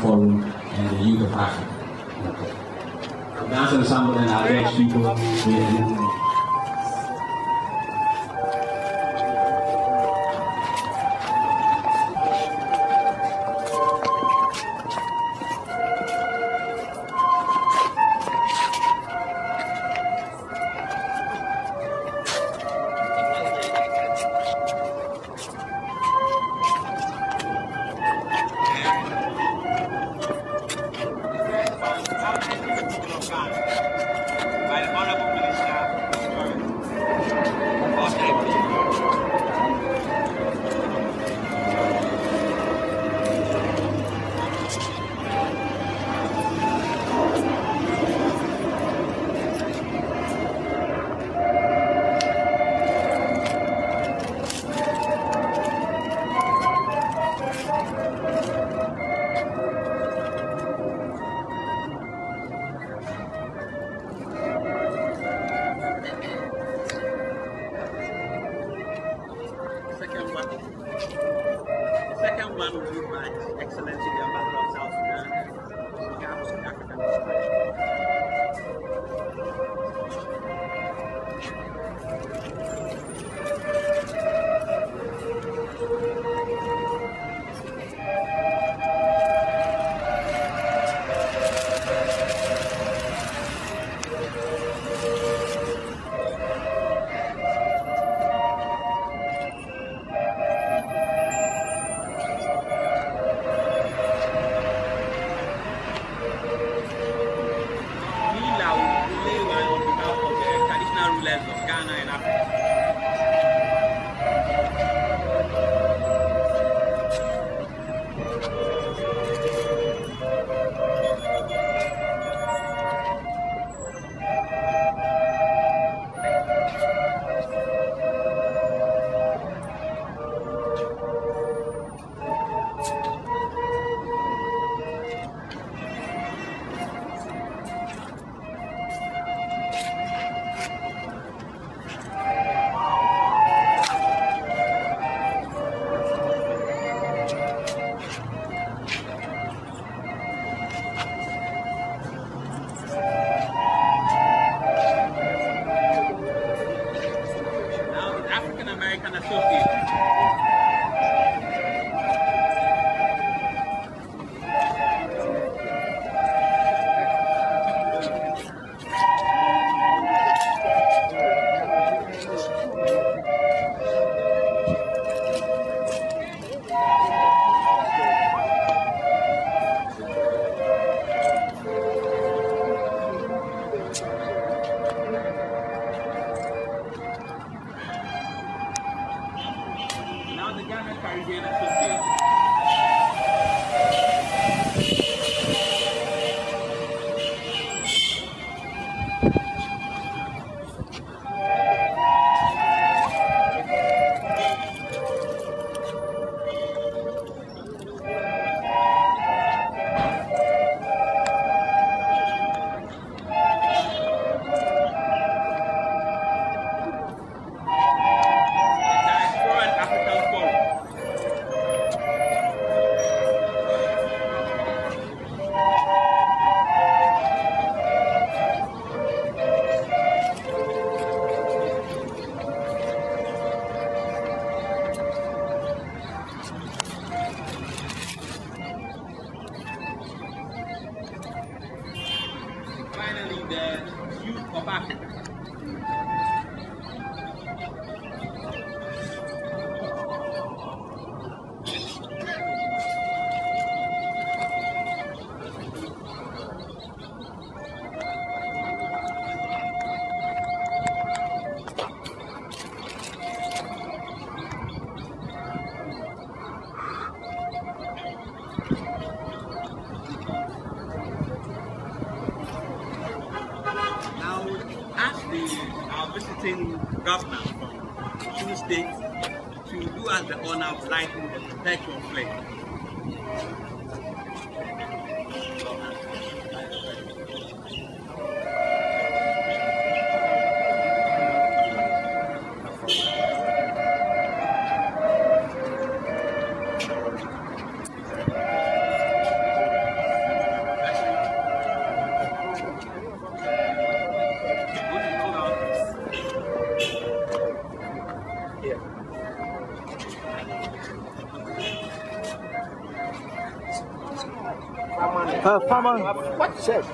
Forum and the youth Daar Africa. Dance ensemble and our people. Excellence in the Ambassador of South Sudan, Gabos, African Expression. Carmen Cardenas, porque... 吧。electing governors from two states to do us the honor of writing the perpetual flame. А, мама. Сейчас.